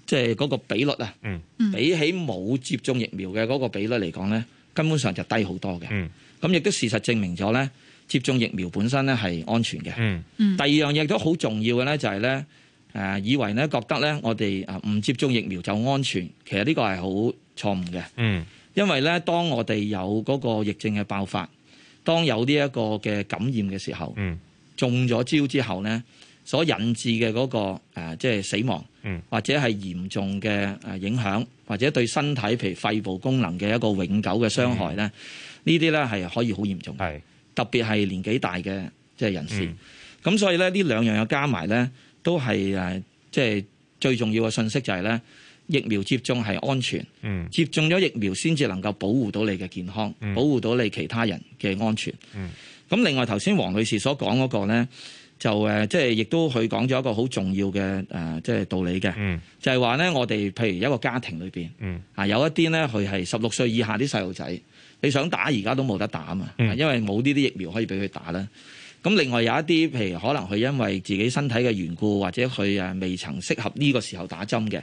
即係嗰個比率啊，比起冇接種疫苗嘅嗰個比率嚟講咧。根本上就低好多嘅，咁亦都事實證明咗咧，接種疫苗本身咧係安全嘅、嗯。第二樣嘢都好重要嘅咧、就係，就係咧，誒以為咧覺得咧，我哋唔接種疫苗就安全，其實呢個係好錯誤嘅。因為咧，當我哋有嗰個疫症嘅爆發，當有呢一個嘅感染嘅時候，中咗招之後咧。所引致嘅嗰、那個、呃、即係死亡，或者係嚴重嘅影響，或者對身體譬如肺部功能嘅一個永久嘅傷害咧，呢啲咧係可以好嚴重是，特別係年紀大嘅即係人士。咁、嗯、所以咧，呢兩樣又加埋咧，都係、呃、即係最重要嘅信息就係、是、咧，疫苗接種係安全，嗯、接種咗疫苗先至能夠保護到你嘅健康、嗯，保護到你其他人嘅安全。咁、嗯、另外頭先黃女士所講嗰個咧。就誒，即係亦都佢講咗一個好重要嘅誒，即係道理嘅，就係話咧，我哋譬如一個家庭裏面，啊有一啲咧，佢係十六歲以下啲細路仔，你想打而家都冇得打嘛，因為冇呢啲疫苗可以俾佢打啦。咁另外有一啲譬如可能佢因為自己身體嘅緣故，或者佢啊未曾適合呢個時候打針嘅。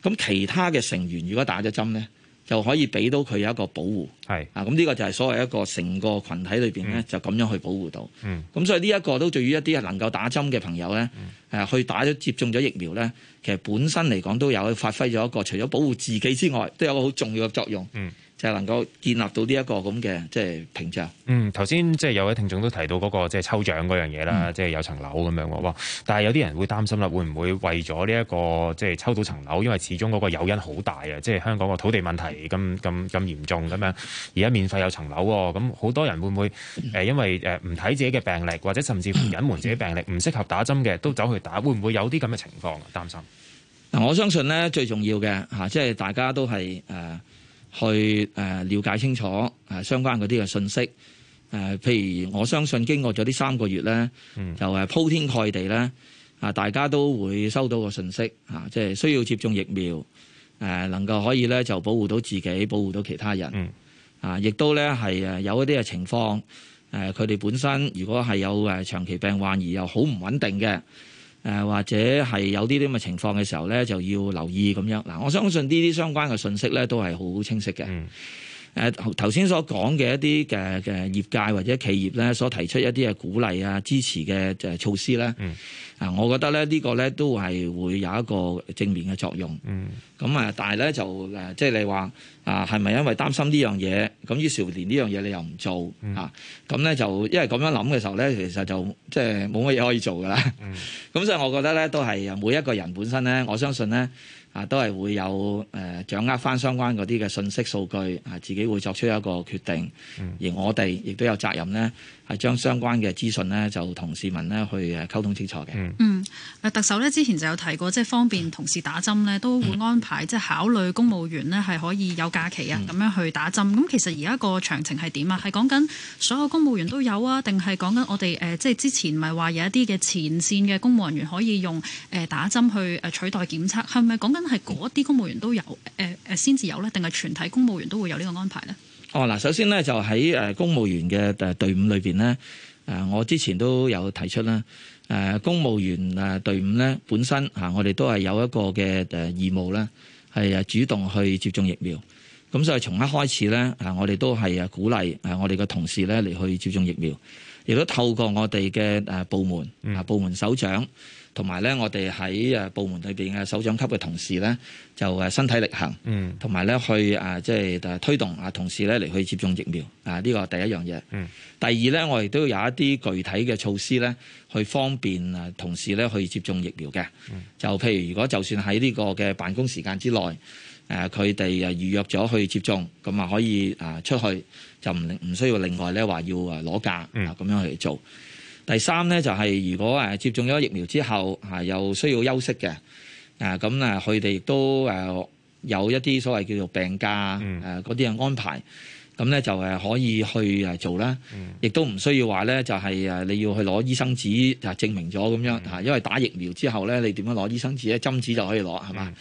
咁其他嘅成員如果打咗針咧，就可以俾到佢有一個保護，係啊，咁呢個就係所謂一個成個群體裏面咧、嗯，就咁樣去保護到。嗯，咁所以呢一個都對於一啲能夠打針嘅朋友咧、嗯啊，去打咗接種咗疫苗咧，其實本身嚟講都有發揮咗一個，除咗保護自己之外，都有個好重要嘅作用。嗯。就係、是、能夠建立到呢一個咁嘅即係屏障。嗯，頭先即係有位聽眾都提到嗰、那個即係、就是、抽獎嗰樣嘢啦，即、嗯、係、就是、有層樓咁樣喎。但係有啲人會擔心啦，會唔會為咗呢一個即係、就是、抽到層樓，因為始終嗰個誘因好大啊！即、就、係、是、香港個土地問題咁咁咁嚴重咁樣，而家免費有層樓喎，咁好多人會唔會誒因為誒唔睇自己嘅病歷，或者甚至乎隱瞞自己的病歷，唔適合打針嘅都走去打，會唔會有啲咁嘅情況啊？擔心。嗱、嗯，我相信咧最重要嘅嚇，即係大家都係誒。呃去誒、呃、了解清楚誒、呃、相關嗰啲嘅信息誒、呃，譬如我相信經過咗呢三個月咧、嗯，就係鋪天蓋地咧啊、呃，大家都會收到個信息嚇、啊，即係需要接種疫苗誒、呃，能夠可以咧就保護到自己，保護到其他人、嗯、啊，亦都咧係誒有一啲嘅情況誒，佢、呃、哋本身如果係有誒長期病患而又好唔穩定嘅。誒或者係有呢啲咁嘅情況嘅時候咧，就要留意咁樣。嗱，我相信呢啲相關嘅信息咧，都係好清晰嘅。嗯誒頭先所講嘅一啲嘅嘅業界或者企業咧，所提出一啲嘅鼓勵啊、支持嘅措施咧，啊，我覺得咧呢個咧都係會有一個正面嘅作用。咁啊，但係咧就誒，即係你話啊，係咪因為擔心呢樣嘢，咁於是乎呢樣嘢你又唔做啊？咁咧就因為咁樣諗嘅時候咧，其實就即係冇乜嘢可以做㗎啦。咁所以，我覺得咧都係每一個人本身咧，我相信咧。啊，都係會有誒、呃、掌握翻相關嗰啲嘅信息數據啊，自己會作出一個決定，而我哋亦都有責任咧。係將相關嘅資訊呢，就同市民呢去誒溝通清楚嘅。嗯，特首呢之前就有提過，即係方便同事打針呢都會安排、嗯、即係考慮公務員呢係可以有假期啊，咁樣去打針。咁、嗯、其實而家個詳情係點啊？係講緊所有公務員都有啊，定係講緊我哋誒即係之前咪話有一啲嘅前線嘅公務人員可以用誒打針去誒取代檢測？係咪講緊係嗰啲公務員都有誒誒先至有呢？定係全體公務員都會有呢個安排呢？哦，嗱，首先咧就喺公務員嘅誒隊伍裏面咧，我之前都有提出啦，公務員誒隊伍咧本身我哋都係有一個嘅義務咧，係主動去接種疫苗。咁所以從一開始咧，啊我哋都係鼓勵我哋嘅同事咧嚟去接種疫苗，亦都透過我哋嘅部門啊部門首長。同埋咧，我哋喺部門裏面嘅首長級嘅同事咧，就身體力行，嗯，同埋咧去即係推動啊同事咧嚟、嗯、去，去接種疫苗啊，呢個第一樣嘢。嗯。第二咧，我哋都要有一啲具體嘅措施咧，去方便啊同事咧去接種疫苗嘅。就譬如如果就算喺呢個嘅辦公時間之內，佢哋誒預約咗去接種，咁啊可以出去，就唔唔需要另外咧話要攞假啊咁、嗯、樣去做。第三咧就係、是，如果誒接種咗疫苗之後，嚇又需要休息嘅，誒咁咧，佢哋亦都誒有一啲所謂叫做病假誒嗰啲嘅安排，咁咧就誒可以去誒做啦，亦都唔需要話咧就係誒你要去攞醫生紙啊證明咗咁樣嚇，因為打疫苗之後咧，你點樣攞醫生紙咧針紙就可以攞係咪？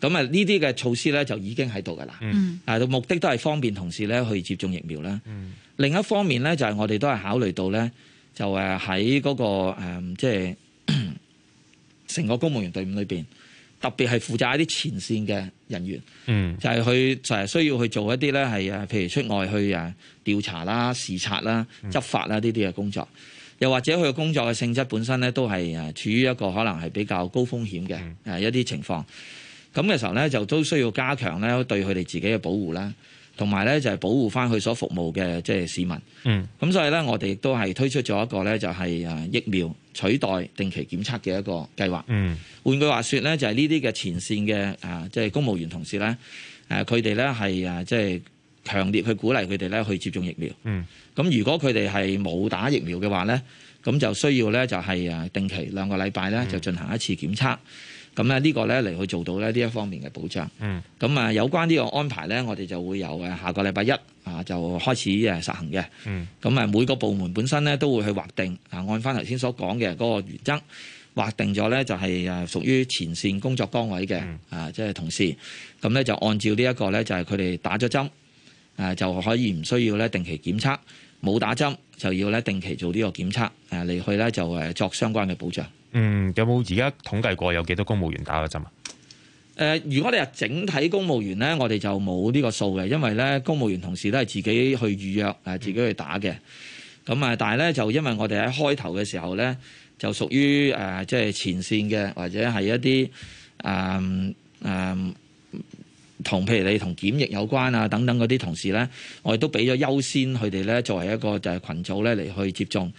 咁啊呢啲嘅措施咧就已經喺度㗎喇，誒、嗯、目的都係方便同事咧去接種疫苗啦、嗯。另一方面咧就係我哋都係考慮到咧。就誒喺嗰個、嗯、即係成個公務員隊伍裏邊，特別係負責一啲前線嘅人員，嗯、就係去就係需要去做一啲咧係誒，譬如出外去誒調查啦、視察啦、執法啦呢啲嘅工作，又或者佢嘅工作嘅性質本身咧都係誒處於一個可能係比較高風險嘅誒一啲情況，咁、嗯、嘅時候咧就都需要加強咧對佢哋自己嘅保護啦。同埋咧就係保護返佢所服務嘅即係市民。嗯。咁所以咧，我哋亦都係推出咗一個咧就係誒疫苗取代定期檢測嘅一個計劃。嗯。換句話說咧，就係呢啲嘅前線嘅啊，即係公務員同事咧，誒佢哋咧係誒即係強烈去鼓勵佢哋咧去接種疫苗。嗯。咁如果佢哋係冇打疫苗嘅話咧，咁就需要咧就係誒定期兩個禮拜咧就進行一次檢測。咁咧呢個咧嚟去做到咧呢一方面嘅保障。咁、嗯、啊有關呢個安排咧，我哋就會由下個禮拜一啊就開始誒實行嘅。咁、嗯、啊每個部門本身咧都會去劃定啊，按翻頭先所講嘅嗰個原則劃定咗咧就係誒屬於前線工作崗位嘅、嗯、啊，即、就、係、是、同事。咁咧就按照呢一個咧就係佢哋打咗針、啊、就可以唔需要咧定期檢測，冇打針就要咧定期做呢個檢測嚟、啊、去咧就作相關嘅保障。嗯，有冇而家統計過有幾多公務員打嘅針啊？誒、呃，如果你係整體公務員咧，我哋就冇呢個數嘅，因為咧公務員同事都係自己去預約誒、呃，自己去打嘅。咁、呃、啊，但係咧就因為我哋喺開頭嘅時候咧，就屬於誒即係前線嘅，或者係一啲誒誒同譬如你同檢疫有關啊等等嗰啲同事咧，我哋都俾咗優先佢哋咧作為一個就係羣組咧嚟去接種。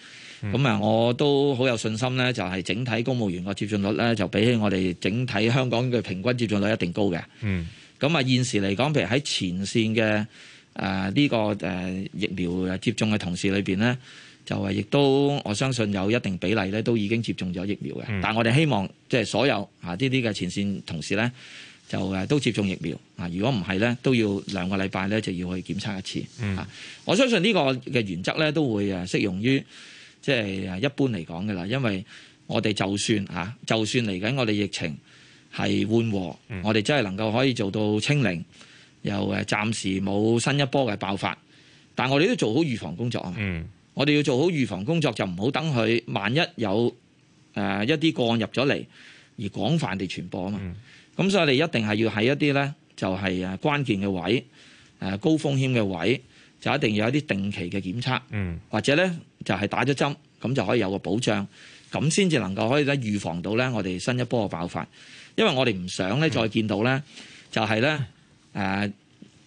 咁啊！我都好有信心咧，就係、是、整體公務員個接種率咧，就比起我哋整體香港嘅平均接種率一定高嘅。嗯。咁啊，現時嚟講，譬如喺前線嘅呢、呃這個、呃、疫苗接種嘅同事裏面咧，就係亦都我相信有一定比例咧，都已經接種咗疫苗嘅、嗯。但係我哋希望即係所有啊，呢啲嘅前線同事咧，就都接種疫苗啊。如果唔係咧，都要兩個禮拜咧就要去檢測一次、嗯。我相信呢個嘅原則咧，都會適用於。即係一般嚟講㗎喇，因為我哋就算嚇，就算嚟緊我哋疫情係緩和，嗯、我哋真係能夠可以做到清零，又誒暫時冇新一波嘅爆發，但我哋都做好預防工作啊、嗯！我哋要做好預防工作，就唔好等佢萬一有誒一啲個案入咗嚟而廣泛地傳播啊嘛！咁、嗯、所以你一定係要喺一啲呢，就係誒關鍵嘅位誒高風險嘅位。就一定要有啲定期嘅檢測，或者咧就係、是、打咗針，咁就可以有個保障，咁先至能夠可以咧預防到咧我哋新一波嘅爆發。因為我哋唔想咧再見到咧就係咧誒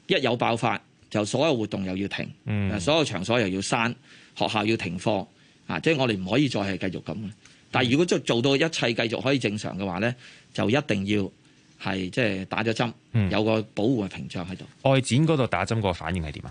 一有爆發就所有活動又要停，嗯、所有場所又要閂，學校要停課啊！即、就、係、是、我哋唔可以再係繼續咁。但係如果即做到一切繼續可以正常嘅話咧，就一定要係即係打咗針，有個保護嘅屏障喺度、嗯。外展嗰度打針個反應係點啊？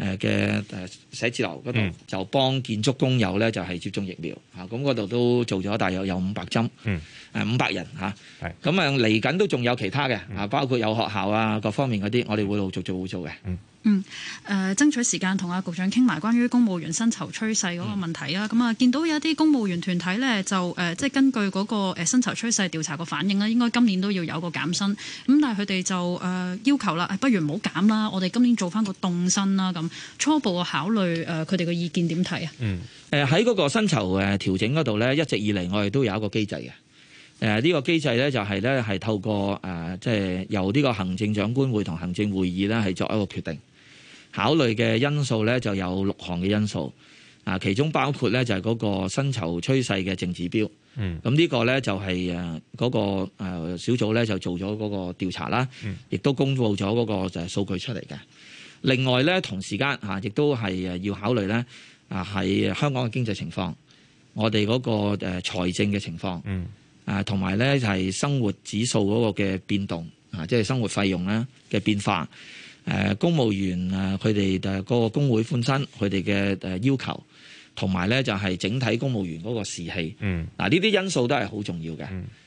誒嘅寫字樓嗰度、嗯、就幫建築工友咧就係、是、接種疫苗咁嗰度都做咗，大約有五百針，五、嗯、百人咁啊，嚟緊、啊、都仲有其他嘅、嗯、啊，包括有學校啊各方面嗰啲、嗯，我哋會陸續做會做嘅。嗯嗯，誒爭取時間同阿局長傾埋關於公務員薪酬趨勢嗰個問題啊，咁、嗯、啊見到有一啲公務員團體咧就誒，即、呃、係根據嗰個薪酬趨勢調查個反應咧，應該今年都要有個減薪，咁但係佢哋就誒、呃、要求啦，不如唔好減啦，我哋今年做翻個凍薪啦，咁初步嘅考慮誒，佢哋嘅意見點睇啊？嗯，誒喺嗰個薪酬誒調整嗰度咧，一直以嚟我哋都有一個機制嘅。誒、這、呢個機制咧、呃，就係咧係透過誒，即係由呢個行政長官會同行政會議咧，係作一個決定。考慮嘅因素咧就有六項嘅因素啊，其中包括咧就係嗰個薪酬趨勢嘅正指標。嗯，咁呢個咧就係誒嗰個小組咧就做咗嗰個調查啦，亦、嗯、都公布咗嗰個誒數據出嚟嘅。另外咧同時間嚇亦都係誒要考慮咧啊，喺香港嘅經濟情況，我哋嗰個誒財政嘅情況。嗯。啊，同埋咧就係生活指數嗰個嘅變動啊，即係生活費用咧嘅變化。公務員啊，佢哋誒嗰個工會闖身，佢哋嘅要求，同埋咧就係整體公務員嗰個士氣。嗯，嗱呢啲因素都係好重要嘅。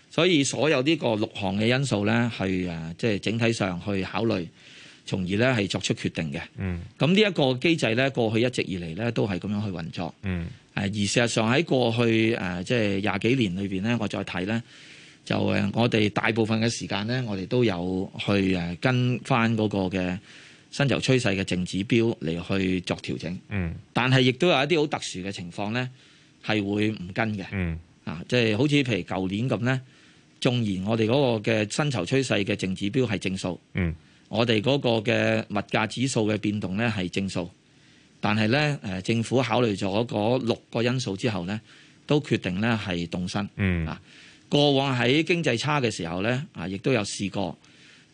所以所有呢個六項嘅因素咧，去即係整體上去考慮。從而咧係作出決定嘅。嗯。咁呢一個機制咧，過去一直以嚟咧都係咁樣去運作。嗯。誒而事實上喺過去誒即係廿幾年裏邊咧，我再睇咧就誒我哋大部分嘅時間咧，我哋都有去誒跟翻嗰個嘅薪酬趨勢嘅淨指標嚟去作調整。嗯。但係亦都有一啲好特殊嘅情況咧，係會唔跟嘅。嗯。啊，即係好似譬如舊年咁咧，縱然我哋嗰個嘅薪酬趨勢嘅淨指標係正數。嗯。我哋嗰個嘅物價指數嘅變動咧係正數，但係咧誒政府考慮咗嗰六個因素之後咧，都決定咧係凍薪。嗯啊，過往喺經濟差嘅時候咧啊，亦都有試過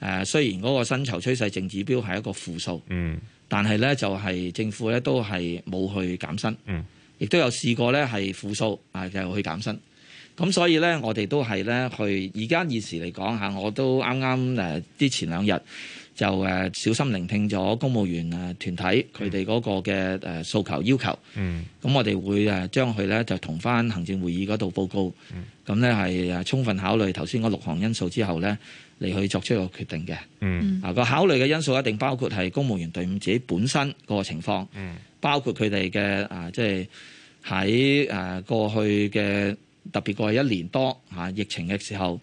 誒，雖然嗰個薪酬趨勢淨指標係一個負數，嗯，但係咧就係政府咧都係冇去減薪，嗯，亦都有試過咧係負數啊，繼續去減薪。咁所以咧，我哋都係咧去而家現時嚟講嚇，我都啱啱誒啲前兩日。就誒、啊、小心聆聽咗公務員誒、啊、團體佢哋嗰個嘅誒、啊、訴求要求，咁、嗯、我哋會誒、啊、將佢咧就同返行政會議嗰度報告，咁咧係誒充分考慮頭先嗰六項因素之後咧嚟去作出個決定嘅、嗯。啊個考慮嘅因素一定包括係公務員隊伍自己本身個情況，嗯、包括佢哋嘅啊即係喺誒過去嘅特別過去一年多嚇、啊、疫情嘅時候。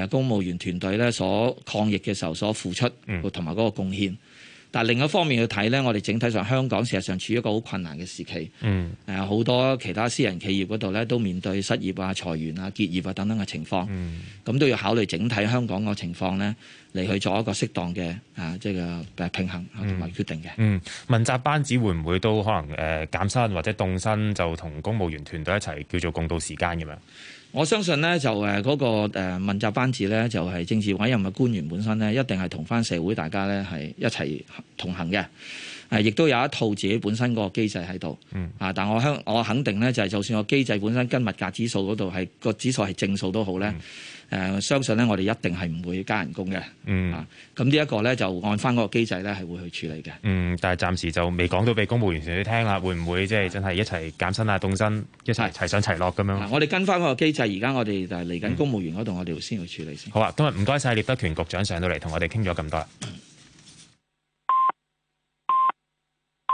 係公務員團隊咧所抗疫嘅時候所付出，同埋嗰個貢獻。但係另一方面去睇咧，我哋整體上香港事實上處於一個好困難嘅時期。誒，好多其他私人企業嗰度咧都面對失業啊、裁員啊、結業啊等等嘅情況。咁都要考慮整體香港嘅情況咧，嚟去做一個適當嘅啊，即係平衡同埋決定嘅、嗯。嗯，問、嗯、責班子會唔會都可能誒減薪或者凍薪，就同公務員團隊一齊叫做共度時間咁樣？我相信咧就誒嗰個誒問責班子咧就係政治委任嘅官員本身咧，一定係同返社會大家咧係一齊同行嘅，誒亦都有一套自己本身嗰個機制喺度。嗯。啊，但我香我肯定咧就係就算個機制本身跟物價指數嗰度係個指數係正數都好咧。誒、呃，相信咧，我哋一定係唔會加人工嘅。嗯，啊，咁呢一個咧，就按翻嗰個機制咧，係會去處理嘅。嗯，但係暫時就未講到俾公務員嗰啲聽啦，會唔會即係真係一齊減薪啊、凍薪一齊齊上齊落咁樣？的啊、我哋跟翻嗰個機制，而家我哋就係嚟緊公務員嗰度、嗯，我哋先去處理先。好啊，今日唔該晒，聶德權局長上到嚟同我哋傾咗咁多。嗯